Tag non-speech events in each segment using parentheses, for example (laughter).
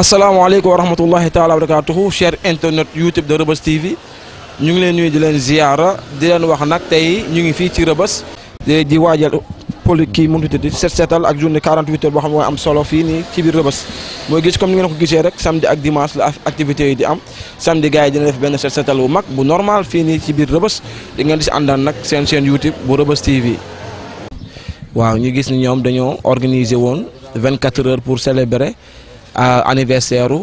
asalaamaaleykum wa rahmatullahi taala wa barakatuhu cher internet youtube de Reubeuss TV ñu ngi leen nuyu di leen ziyaara di leen wax nag tey ñu ngi fii ci Reubeuss di waajal poli kii mënut a tëdd set seetal ak journée 48 boo xam ne mooy am solo fii nii ci biir Reubeuss mooy gis comme ni ngeen ko gisee rek samedi ak dimanche la activités yi di am samedi gars yi dina def benn set seetal bu mag bu normal fii nii ci biir Reubeuss di ngeen di si àndaan nag seen seen youtube bu Reubeuss TV. waaw ñu gis ni ñoom dañoo organiser woon 24 heures pour célébrer. anniversaire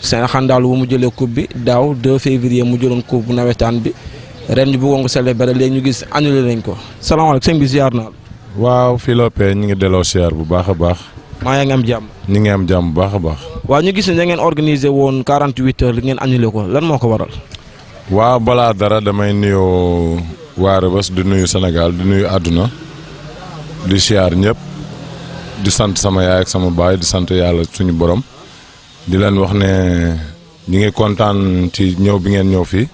sen xandal wu mu jele coupe bi daw 2 février mu jëloon coupe bu nawetaan bi ren ñu bëggoon ko célébrer léegi ñu gis annuler nañ ko salam alek sëñ bi ziar naa waaw fii Lopé ñu ngi delloo ziar bu baaxa baax. ma ngi am jàmm. ñi ngi am jàmm bu baax a baax. waaw ñu gis ñi ngeen organiser won 48 heures li ngeen annuler ko lan moko waral. wa bala dara damay nuyo waara bas du nuyu senegal du nuyu aduna di ziar ñëpp. di sant sama yaay ak sama baay di sant yàlla suñu borom di leen wax ne ñu ngi kontaan ci ñëw bi ngeen ñëw fii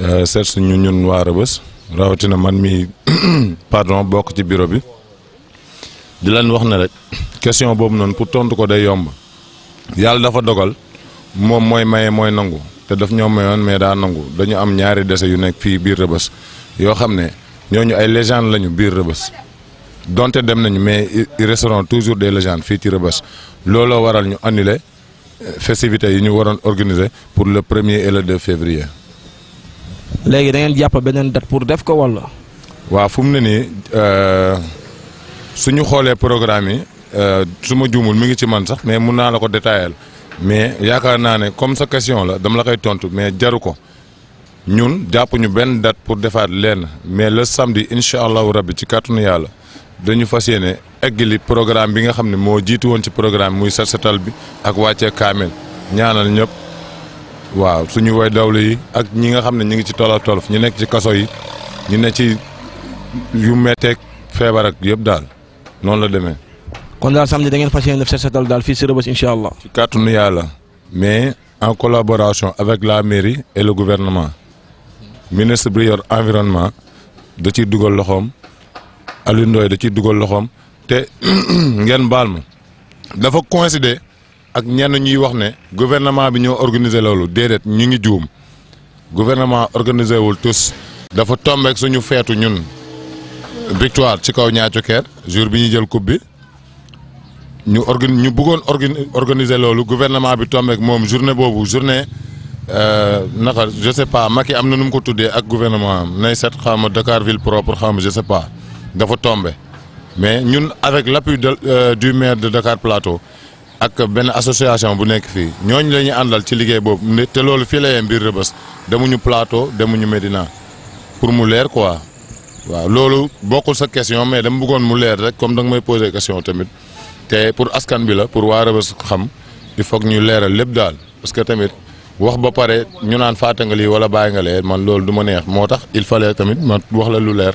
euh, set suñu ñun waa Rëbës rawatina man mi (clears throat) pardon bokk ci bureau bi di leen wax ne rek question boobu noonu pour tontu ko day yomb yàlla dafa dogal moom mooy maye mooy nangu te daf ñoo mayoon mais daa nangu dañu am ñaari dese yu nekk fii biir Rëbës yoo xam ne ñooñu ay légende lañu biir Rëbës. donté dem nañu mais il resteront toujours des légendes fii ci Rebeuss looloo waral ñu annuler euh, festivités yi ñu waron organiser pour le 1er et le 2 février. légui da ngeen japp benen date pour def ko wala wa fum mu ne nii euh, su ñu xoolee programme yi euh, su ma juumul mi ngi ci man sax mais mun naa la ko détailler mais yaakaar naa ne comme sa question la dama la koy tontu mais jaru ko ñun jàpp ñu benn date pour defaat lène mais le samedi incha allahu rabbi ci carton yàlla. dañu fas yéene eggali programme bi nga xam ne moo jiitu woon ci programme muy set bi ak wàccee kaamel ñaanal ñëpp waaw suñu way dawlu yi ak ñi nga xam ne ñu ngi ci tolof tolof ñu nekk ci kaso yi ñu ne ci yu metteeg feebar ak yëpp daal noonu la demee. kon daal samedi da ngeen fas yéene def set daal fii si Rebeuss incha allah. ci nu yàlla mais en collaboration avec la mairie et le gouvernement ministre bi yor environnement da ciy dugal loxoom. Aliou da ciy dugal loxoom te (clears throat) ngeen baal ma dafa coïncider ak ñenn ñuy wax ne gouvernement bi ñoo organiser loolu déedéet ñu ngi juum gouvernement organiser wul tous. dafa tombeek suñu feetu ñun victoire ci kaw ñaacu keer jour bi ñu jël coupe bi ñu organ ñu bëggoon organiser loolu gouvernement bi tombeek moom journée boobu journée. Euh, naka je sais pas Macky am na nu mu ko tuddee ak gouvernement am nay set xaw ma Dakar ville propre xaw ma pas dafa tombe mais ñun avec l'appui de euh, du maire de Dakar Plateau ak benn association bu nekk fii ñooñu la ñuy àndal ci liggéey boobu te loolu fii la yem biir demuñu Plateau demuñu Médina pour mu leer quoi waaw loolu bokkul sa question mais dama bëggoon mu leer rek comme danga may poser question tamit te pour askan bi la pour waa Rebeuss xam il faut ñu leeral lépp daal parce que tamit wax ba pare ñu naan fàtte nga lii wala bàyyi nga lee man loolu du ma neex moo tax il tamit ma wax la lu leer.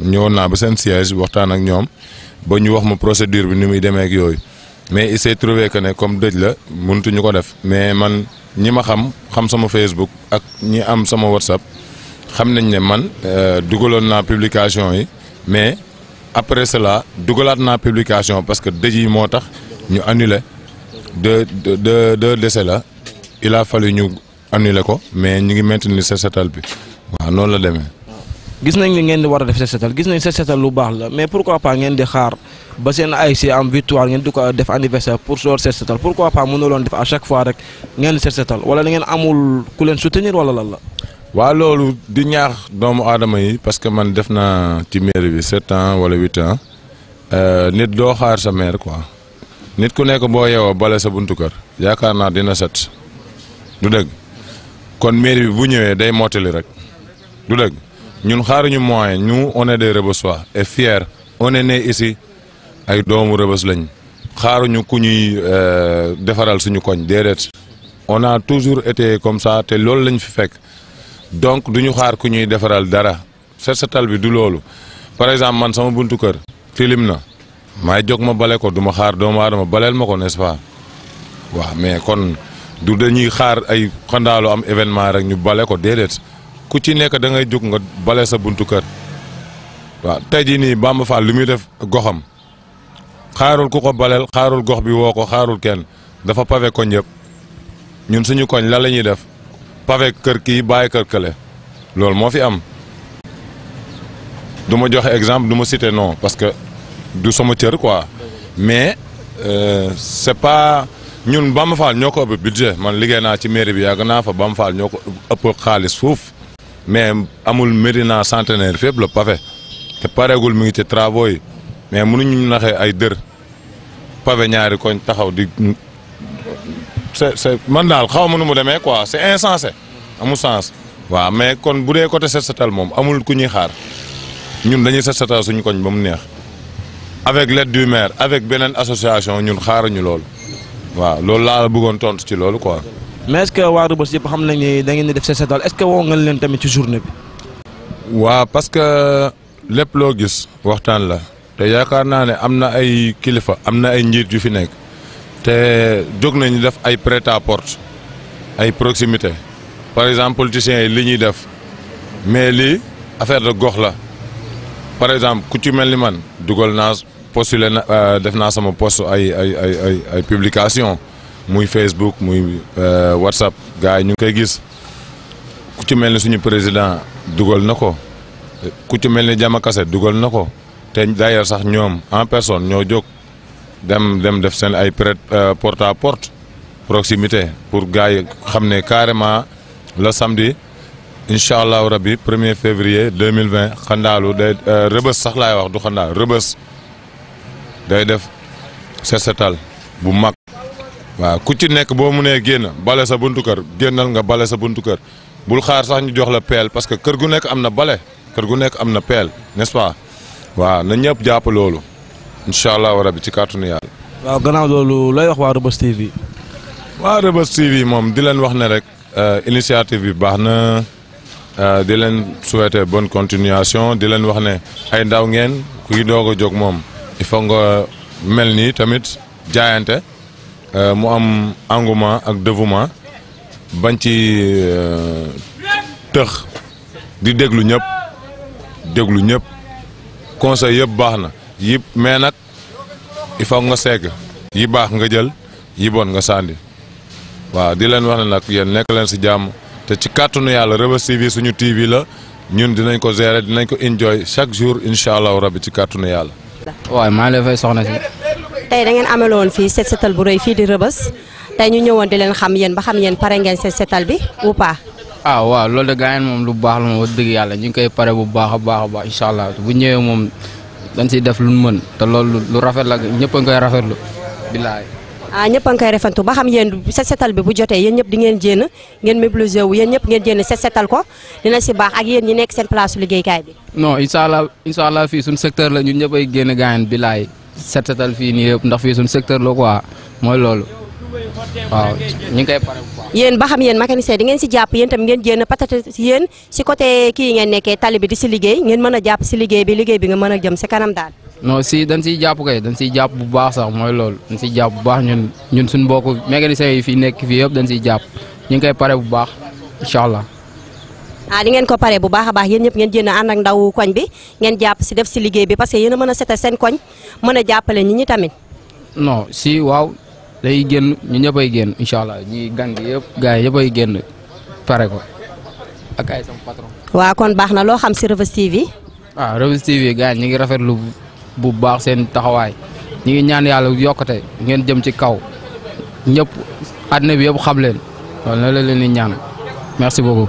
ñëwoon naa ba seen siège waxtaan ak ñoom ba ñu wax ma procédure bi ni muy demee ak yooyu mais il s'est trouvé que ne comme dëj la mënutuñu ko def mais man ñi ma xam xam sama Facebook ak ñi am sama WhatsApp xam nañ ne man euh, dugaloon naa publication yi mais après cela dugalaat naa publication parce que dëj yi moo tax ñu annulé de de deux décès la il a fallu ñu annulé ko mais ñu ngi maintenir sa setal bi waaw noonu la demee. gis nañ li ngeen di war a def set setal gis nañ set setal lu baax la mais pourquoi pas ngeen di xaar ba seen ay si am victoire ngeen di ko def anniversaire pour soor set pourquoi pas mënuloon def à chaque fois rek ngeen di set wala ngeen amul ku leen soutenir wala lan la waa loolu di ñaax doomu aadama yi parce que man def naa ci maire bi 7 ans wala 8 ans euh, nit doo xaar sa maire quoi nit ku nekk boo yeewoo bale sa buntu kër yaakaar naa dina set du dëgg kon maire bi bu ñëwee day mottali rek du dëgg ñun xaaruñu moyen ñu one est des Rebeusois et fier one est né ay doomu Rebeuss lañ xaaruñu ku ñuy euh, defaral suñu koñ déedéet on a toujours été comme ça te loolu lañ fi fekk donc du ñu xaar ku ñuy defaral dara set setal bi du loolu par exemple man sama buntu kër tilim na maay jog ma bale ko du ma xaar doomu aadama baleel ma ko n'est-ce pas waaw mais kon du dañuy xaar ay xandaalu am événement rek ñu bale ko déedéet ku ci nek da ngay juk nga bale sa buntu kër waaw tey jii nii Bamba fa li def goxam xaarul ku ko baleel xaarul gox bi woko xaarul kenn dafa pavé koñ yëpp ñun suñu koñ la lañuy def pavé kër ki baye kër kële lool mo fi am duma joxe exemple duma cité non parce que du sama cër quoi mais euh, c'est pas ñun Bamba Fall ëpp budget man liggéey ci mairie bi yag na fa Bamba Fall ñoo ëpp xaaliss fuuf mais amul medina centenaire fépp la pavé te pareegul mi ngi ci travaux yi mais mënuñu naxee ay dër pavé ñaari koñ taxaw di c'est c'est man dal xaw nu mu démé quoi c'est insensé amul sens wa mais kon boudé côté set mom amul ku ñuy xaar ñun dañuy set suñu koñ bam neex avec l'aide du maire avec benen association ñun xaar ñu lool wa lool la bëggon tontu ci loolu quoi mais est-ce que waa Rebeuss yëpp xam nañ ni da ngeen di def seen seetal est-ce que woo ngeen leen tamit ci journée bi. waaw parce que lépp loo gis waxtaan la te yaakaar naa ne am na ay kilifa am na ay njiit yu fi nekk te jóg nañu def ay prêt à porte ay proximité par exemple politicien yi li ñuy def mais lii affaire de gox la par exemple ku ci mel ni man dugal naa postulé na euh, def naa sama poste ay ay ay ay publication muy Facebook muy euh, WhatsApp gaay ñu koy gis ku ci melni suñu président dugal nako. ku ci melni ni Jama Kase dugal nako té d'ailleurs sax ñom en personne ñoo jóg dem dem def sen ay euh, porte à porte proximité pour gaay xamné carrément le samedi inshallah rabi 1er février 2020. mille vingt xandaalu day euh, rëbës sax laay wax du xandaal rebeus day def sesetal bu waaw ku ci nekk boo mu nee génn bale sa buntu kër génnal nga bale sa buntu kër bul xaar sax ñu jox la peel parce que kër gu nekk am na bale kër gu nekk am na peel n'est-ce pas waaw na ñëpp jàpp loolu incha allahu rabi ci kàttanu yàlla. waaw gannaaw loolu lay wax waa Reubeuss TV. waa Reubeuss TV moom di leen wax ne rek euh, initiative bi baax na euh, di leen souhaiter bonne continuation di leen wax ne ay ndaw ngeen kuy doog a jóg moom il faut nga mel nii tamit jaayante. Euh, mu am engouement ak dévouement bañ ci euh, tëx di déglu ñëpp déglu ñëpp conseil yëpp baax na yi mais nag il faut nga segg yi baax nga jël yiboon nga sànni waaw di leen wax na nag yéen nekk leen si jàmm te ci kàttanu yàlla Reubeuss TV suñu TV la ñun dinañ ko gérer dinañ ko enjoy chaque jour incha allahu rabbi ci kàttanu yàlla. waaw maa ngi fay soxna si. tay da ngeen ameloon fi set setal bu reuy fi di rebeus tay ñu ñëwoon di leen xam yeen ba xam yeen paré ngeen set setal bi ou pas. ah waaw loolu da gaayen mom lu baax lu mo wax dëgg yàlla ñu koy paré bu baax baax a baax incha bu ñëwee mom dañ ci def lu mën te loolu lu rafet la ñepp a ngi koy rafetlu billaay. ah ñepp a ngi koy rafetlu ba xam yeen set setal bi bu joté yeen ñepp di ngeen jenn ngeen mobiliser wu yeen ñepp ngeen jenn set setal ko dina ci baax ak yeen ñi nekk seen place liggéey kay bi. non inshallah inshallah fi sun secteur la ñun ñëpp ay génn gaañ billaay set setal fii nii yëpp ndax fii suñu secteur la quoi mooy loolu waaw ñu ngi koy pare bu baax. yéen ba xam yéen mécanicien di ngeen si jàpp yéen tam ngeen jéem a patata yéen si côté kii ngeen nekkee tali bi di si liggéey ngeen mën a jàpp si liggéey bi liggéey bi nga mën a jëm si kanam daal. non si dañ siy jàpp kay dañ si jàpp bu baax sax mooy loolu dañ siy jàpp bu baax ñun ñun suñu mbokku mécanicien yi fii nekk fii yëpp dañ siy jàpp ñu ngi koy pare bu baax incha allah. ah di ngeen ko paré bu baaxa baax yeen ñep ngeen jéem and ak ndaw koñ bi ngeen japp ci def ci liggéey bi parce que yeen mëna sété sen koñ mëna jappalé ñi ñi tamit non si waw day génn ñu ñëppay génn inshallah ñi gang yëpp gars yi yëppay génn pare ko ak ay sama patron wa kon baaxna lo xam ci revue TV ah revue TV gaay ñi ngi rafetlu bu baax sen taxaway ñi ngi ñaan yàlla yokkate ngeen jëm ci kaw ñëpp adna bi yëpp xam leen loolu la leen ñaan merci beaucoup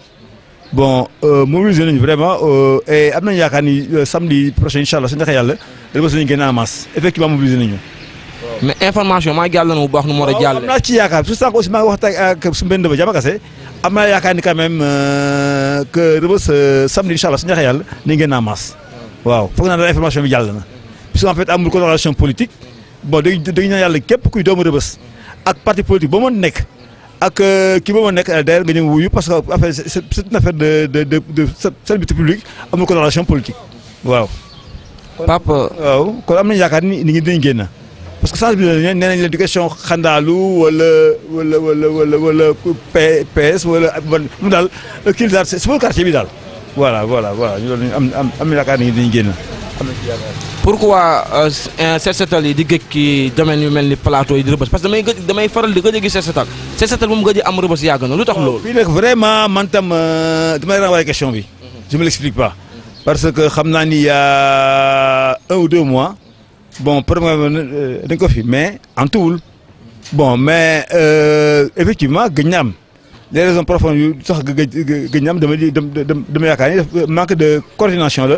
bon euh, mobiliser nañu vraiment Euh, et am nañu yaakaar ni euh, samedi prochain Inch'Allah, allah su ñu yàlla dama suñu masse effectivement mobiliser nañu. mais information maa jàll na bu baax nu mu war a jàll. am naa ci yaakaar su sànq aussi maa ngi waxtaan ak su benn ba Diaba Kassé am quand même euh, que Rebeuss euh, samedi inchallah allah su ni yàlla nañu masse. waaw foog na information bi jàll na. parce qu'en fait amul coloration politique bon dañu dañu ñaan yàlla képp kuy doom Rebeuss ak parti politique ba mu nekk ak euh, euh, parce que c'est une affaire de de de service public politique Papa. Euh, ni parce que ça, bi une nañ ou ou PS wala mu quartier voilà voilà voilà pourquoi euh, un domaine plateau parce que le domaine vraiment euh, question je me l'explique pas. parce que je sais qu'il y a un ou deux mois bon premièrement, un euh, ko mais bon mais effectivement il les raisons profondes Il y a manque de coordination là,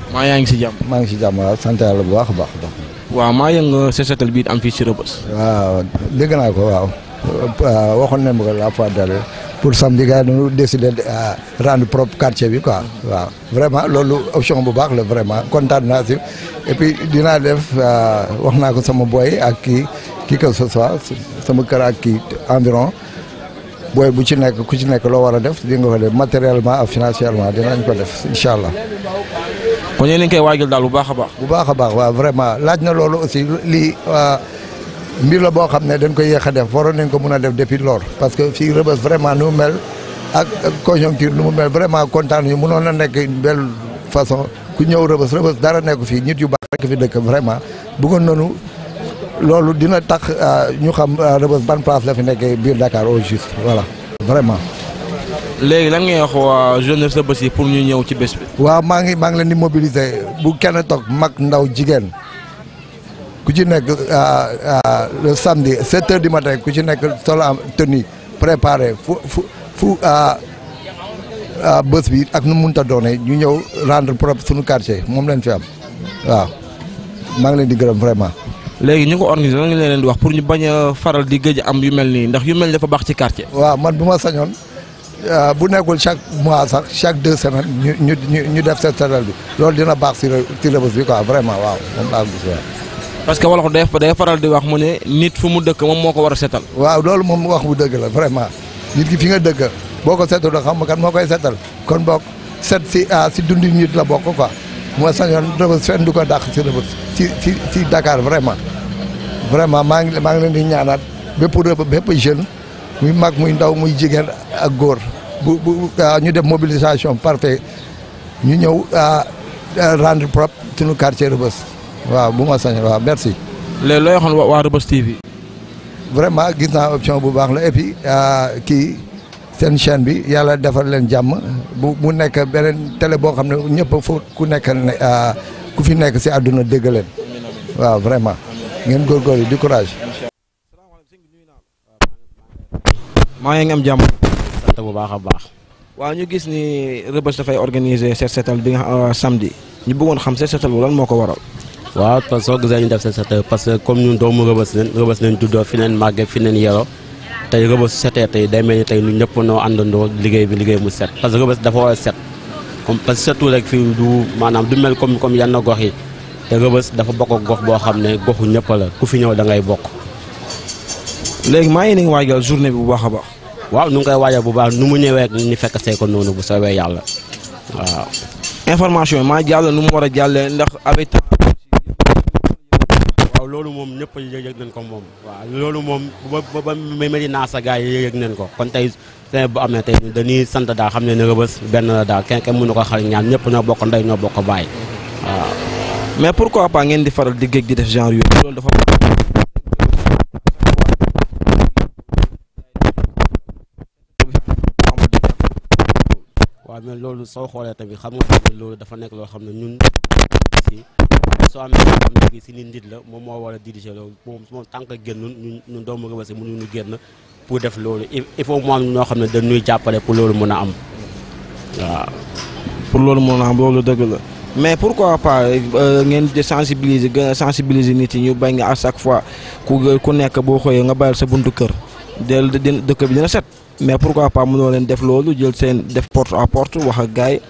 maa yaa ngi si jàmm maa ngi si jàmm waaw ah, sant yàlla bu baax a baax baax waaw maa yëngu ah, sa setal bi am fii si Rebeuss waaw dégg naa ko waaw waxoon nañ ma ko la fois d'ailleurs pour samedi gars dañu décider rendre propre quartier bi quoi waaw vraiment loolu option bu baax la vraiment kontaan naa si et puis dinaa def ah, wax naa ko sama boy eh, ak kii kii que ce soit sama kër ak kii environ booy bu ci nekk ku ci nekk loo war a def di nga ko def matériellement financièrement dinañ ko def incha kon yéen a koy waajal daal bu baax a baax. bu baax a baax waaw vraiment laaj na loolu aussi lii mbir la boo xam ne dañ ko yéex a def waroon nañ ko mun a def depuis lool parce que fii Rebeuss vraiment nu mu mel ak conjoncture nu mu mel vraiment kontaan ñu mënoon a nekk une belle façon ku ñëw Rebeuss Rebeuss dara nekku fii nit yu baax rek fi dëkk vraiment bëggoon nañu loolu dina tax ah, ñu xam ah, Rebeuss ban place la fi nekkee biir Dakar au juste voilà vraiment. léegi lan ngay wax waa jeunesse sa bés yi pour ñu ñëw ci bés bi. waaw maa ngi maa ngi leen di mobiliser bu kenn toog mag ndaw jigéen ku ci nekk ah, ah, le samedi 7 heures du matin ku ci nekk solo am tenue préparé fu fu fu ah, bés bi ak nu mu mënta doone ñu ñëw rendre propre suñu quartier moom leen fi am waaw maa ngi leen di gërëm vraiment. léegi ñu ko organisé lan nga leen di wax pour ñu bañ a faral di gëj am yu mel nii ndax yu mel dafa baax ci quartier. waa man bi ma sañoon. Euh, bu nekkul chaque mois sax chaque deux semaine ñu ñu ñu ñu def seen seetal bi loolu dina baax si si Rebeuss bi quoi vraiment waaw moom laa gis waaw. parce que wolof day day faral di wax mu ne nit fu mu dëkk moom moo ko war a seetal. waaw loolu moom wax bu dëgg la vraiment nit ki fi nga dëkk boo ko seetul xam nga kan moo koy seetal kon boog seet si ah, si dundi nit la bokk quoi moo sañoon Rebeuss fenn du ko dàq si Rebeuss si si si Dakar vraiment vraiment maa ngi maa ngi leen di ñaanaat bépp Rebeuss bépp jeune. muy mag muy ndaw muy jigéen ak góor bu bu ah, ñu def mobilisation parfait ñu ñëw ah, rendre propre suñu quartier Rebeuss waaw bu ma sañ waa merci. léegi looy waxoon waa Rebeuss TV. vraiment gis naa option bu baax la et puis ah, kii seen chaîne bi yàlla defar leen jàmm bu mu nekk beneen télé boo xam ne ñëpp foo ku nekk ne ku fi nekk si àdduna dégg leen waaw vraiment ngeen góorgóorlu di courage. maa ngi am jàmm. sant bu baax a baax. waaw ñu gis ni Rebeus dafay organiser set setal bi nga euh, samedi ñu bëggoon xam set setal bu lan moo ko waral. waaw parce que soo gisee ñu def set setal parce que comme ñun doomu Rebeus leen Rebeus leen juddoo fi neen màggee fi neen yero tey Rebeus setee tey day mel ni tey ñu ñëpp noo àndandoo liggéey bi liggéey mu set parce que Rebeus dafa war a set comme parce que surtout rek fii du maanaam du mel comme comme yenn gox yi te dafa bokk gox boo xam ne goxu ñëpp la ku fi ñëw da ngay bokk. léegi maa ngi nii waajal journée bi bu baax a baax. waaw nu ngi koy waajal bu baax nu mu ñëwee ni fekk see ko noonu bu soobee yàlla waaw. information maa jàll nu mu war a jàllee ndax avec. waaw loolu moom ñëpp yëg nañ ko moom waaw loolu moom ba ba Medina sa gars yi yëg nañ ko kon tey tey bu am na tey dañuy sant daal xam ne ne Rebeuss benn la daal kenn kenn mënu ko xal ñaar ñëpp ñoo bokk ndey ñoo bokk baay waaw. mais pourquoi pas ngeen di faral di géej di def genre yooyu loolu mais loolu soo xoolee tamit xam nga xam ne loolu dafa nekk loo xam ne ñun si soo amee loo si ni nit la moom moo war a diriger loolu moom moom tànk génnul ñun ñun doomu Rebeuss génn pour def loolu il faut mu am xam ne dañuy jàppale pour loolu mën a am waaw. pour loolu mën a am loolu dëgg la. mais pourquoi pas euh, ngeen di sensibiliser gën a sensibiliser nit yi ñu bañ nga à chaque fois ku ku nekk boo xoolee nga bàyyil sa buntu kër. del dëkk bi dina set mais pourquoi pas mënoo leen def loolu jël seen def porte à porte wax ak gars yi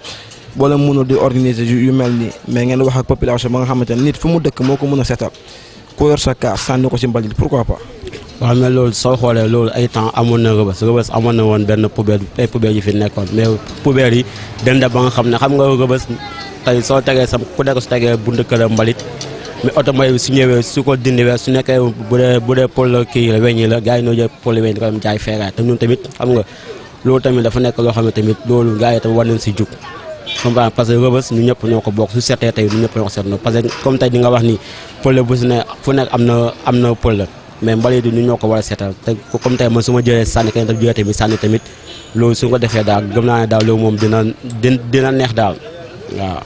boo leen mënul di organiser yu mel nii mais ngeen wax ak population ba nga xamante ne nit fu mu dëkk moo ko mën a setal ku yor sa kaas sànni ko si mbalit pourquoi pas. waaw mais loolu soo xoolee loolu ay temps amoon na rëbës rëbës amoon na woon benn poubelle ay poubelle yu fi nekkoon mais poubelle yi denda ba nga xam ne xam nga rëbës tey soo tegee sam ku nekk su tegee buntu këram mbalit. mais oto mooy su ñëwee su ko dindiwee su nekkee bu dee bu dee pôle kii la weñ yi la gars yi ñoo jël pôle weñ di ko dem jaay feeraay te ñun tamit xam nga yi tamit war nañ ñoo ko bokk su seetee tey ñu ñëpp ñoo ko seetlu parce que comme tey di nga wax ni pôle bu si ne fu nekk am na am na pôle mais mbalit yi ñu ñoo ko war a seetal te comme tey man su ma jëlee sànni kenn daf jëlee tamit sànni tamit loolu su ko defee daal gëm naa ne daal loolu moom dina dina neex daal waaw.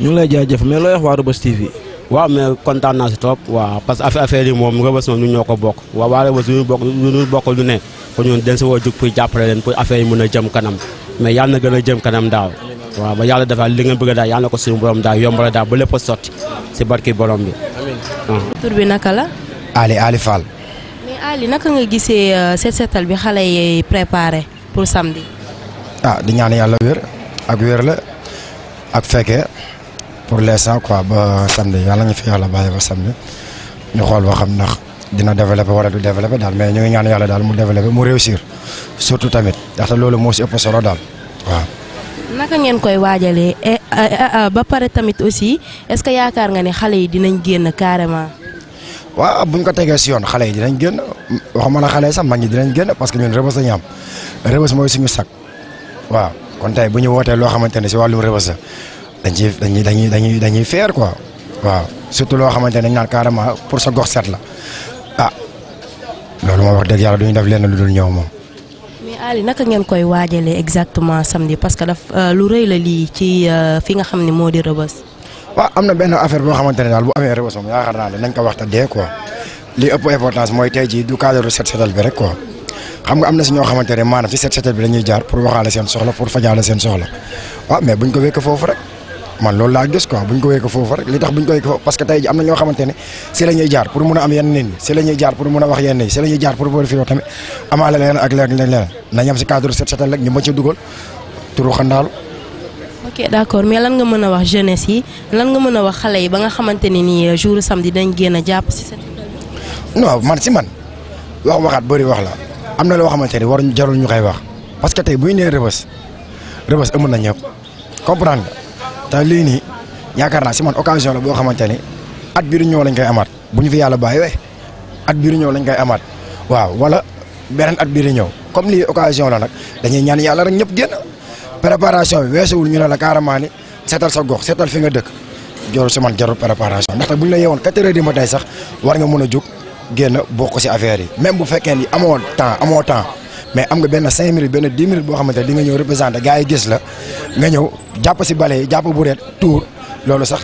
ñu ngi lay jaajëf mais looy wax waa Rëbës TV waaw mais kontaan naa si trop waaw parce que affaire yi moom rëbës moom ñu ñoo ko bokk waaw waa rëbës ñu bokk ñu bokk lu ne ko ñun den si woo pour jàppale leen pour affaire yi a jëm kanam mais yàlla na gën a jëm kanam daaw waaw ba yàlla defal li nga bëgg daal yàlla ko suñu borom daal yombal daal ba lépp a si barki borom bi. bi naka la. Ali Ali Fall. mais Ali naka euh, bi xale yi préparé pour samedi. ah di ñaan yàlla wér ak wér la ak fekkee. pour l'instant quoi ba samedi yàlla nga fi yàlla bàyyi ba samedi ñu xool ba xam ndax dina développé wala du développé daal mais ñu ngi ñaan yàlla daal mu développé mu réussir surtout tamit ndaxte loolu moo si ëpp solo daal waaw. naka ngeen koy waajalee eh, eh, eh, ba pare tamit aussi est ce que yaakaar nga ne xale yi dinañ génn carrément. waaw buñ ko tegee si yoon xale yi dinañ génn waxuma la sax dinañ parce que ñun suñu waaw kon dañ ciy dañuy dañuy dañuy dañuy faire quoi waaw surtout loo xamante ne dañ naan carrément pour sa gox set la ah loolu moo wax dëgg yàlla duñu def lenn lu dul ñëw moom. mais Ali naka ngeen koy waajalee exactement samedi parce que daf euh, lu rëy la lii ci euh, fi nga xam ni moo di rëbës. waaw am na benn affaire boo xamante ne daal bu amee rëbës moom yaakaar naa ne nañ ko waxta dee quoi li ëpp importance mooy tey ji du cadre set setal bi rek ko xam nga am na si ñoo xamante ne maanaam ci set setal bi dañuy jaar pour waxaale seen soxla pour fajaale seen soxla waaw mais buñ ko wékk man lool la gis quoi buñ ko wékk fofu rek li tax buñ ko wékk foofu parce que tay ji am na ñoo xamante ne jaar pour mëna am yenn nit ci lañuy jaar pour mëna wax yenn ci lañuy jaar pour bëru fi wax tamit amala leen ak leen leneen nañ am ci cadre set setal rek ñu ma ci duggal turu xandalu ok d'accord mais lan nga mëna wax jeunesse yi lan nga mëna wax xalé yi ba nga xamante ni euh, jour samedi dañ gëna japp ci set non man ci man wax waxat bëri wax la amna lo loo xamante ne jarul ñu koy wax parce que tay buñ né rebeus rebeus amuna ëmb comprendre Tali li ya yakar na si man occasion la bo xamanteni at biiru ñoo lañ koy amat buñu fi yalla baye we at biiru ñoo lañ koy amat waaw wala benen at biiru ñoo comme li occasion la nak dañuy ñaan yalla rek ñep génn préparation bi weesuwul ñu ne la caramani ni sa gox seetal fi nga dekk jor si jor préparation ndax buñ la yewon 4h di matin sax war nga mëna juk bokk affaire yi même bu fekkene temps temps mais am nga benn cinq minutes benn dix minutes boo xamante ne di nga ñëw représenté gars yi gis la nga ñëw jàpp si bale yi jàpp bu reet tour loolu sax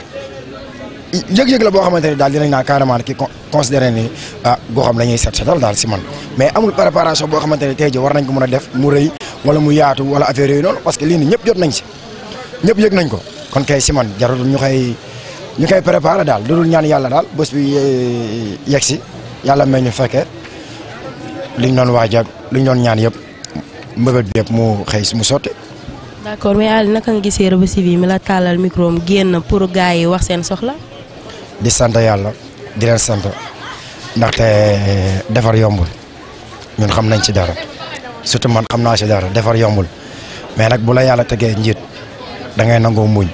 yëg-yëg la boo xamante ne daal dinañ naa carrément ki considéré ni ah xam la ñuy set setal daal si man mais amul préparation boo xamante ne tey ji war nañ ko mën a def mu rëy wala mu yaatu wala affaire yooyu noonu parce que lii nii ñëpp jot nañ si ñëpp yëg nañ ko kon kay si man jarul ñu kay ñu koy préparé daal dudul ñaan yàlla daal bés bi eh, yegg si yàlla may ñu fekke liñ doon waaj li ñu doon ñaan yëpp mbëbët bi yëpp mu xëy mu sotti. d'accord mais al naka nga gisee rebe civi mi la talal micro mu genn pour gaay yi wax seen soxla. di sante yalla di leen ndax te defar yombul ñun xam nañ ci dara surtout man xam naa ci dara defar yombul mais nak bu la yalla tege njit da ngay nangoo muñ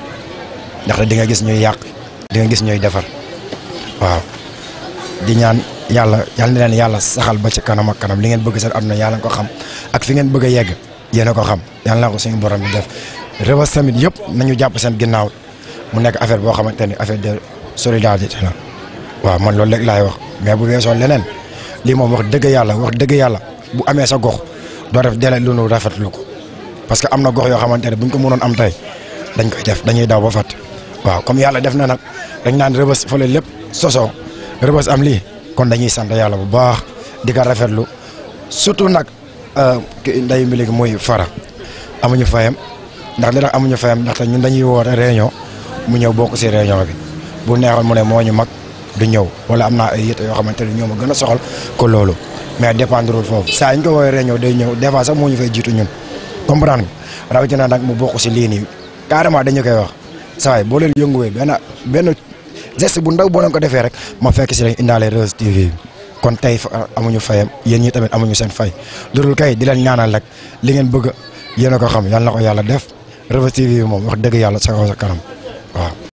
ndaxte di nga gis ñuy yàq di nga gis ñuy defar waaw di ñaan. yàlla yàlla na leen yàlla saxal ba ci kanam ak kanam li ngeen bëgg seen àdduna yàlla nga ko xam ak fi ngeen bëgg a yegg yéen ko xam yàlla na ko suñu borom bi def Reubeuss tamit yëpp nañu jàpp seen ginnaaw mu nekk affaire boo xamante ni affaire de solidarité la waaw man loolu rek laay wax mais bu weesoo leneen li moom wax dëgg yàlla wax dëgg yàlla bu amee sa gox doo def dele lu nu lu ko parce que am na gox yoo xamante ne buñ ko mënoon am tey dañ koy def dañuy daw ba fat waaw comme yàlla def na nag dañ naan Reubeuss fële lépp sosoo Reubeuss am lii kon dañuy sant yàlla bu baax di ko lu surtout nag euh, ndayu mbilig muy fara amuñu fayam ndax li tax amuñu ndax te ñun dañuy woote réunion mu ñëw bokk si réunion bi bu neexoon mu ne moo ñu mag du ñëw wala am naa ay yitte yoo xamante ne ñoo ma gën a soxal ko loolu mais dépendrewul foofu saa ñu ko woowee réunion day ñëw des fois sax moo ñu fay jiitu ñun comprendre nga rawatina nag mu bokk si lii nii carrément dañu koy wax saa yi boo benn geste bu ndaw boo leen ko defee rek ma fekk si lañ indaale Reuz TV kon tey amuñu fayam yéen ñi tamit amuñu seen fay loolu kay di leen ñaanal rek li ngeen bëgg yéen a ko xam yàlla na ko yàlla def Reuz TV moom wax dëgg yàlla sa kaw sa kanam waaw.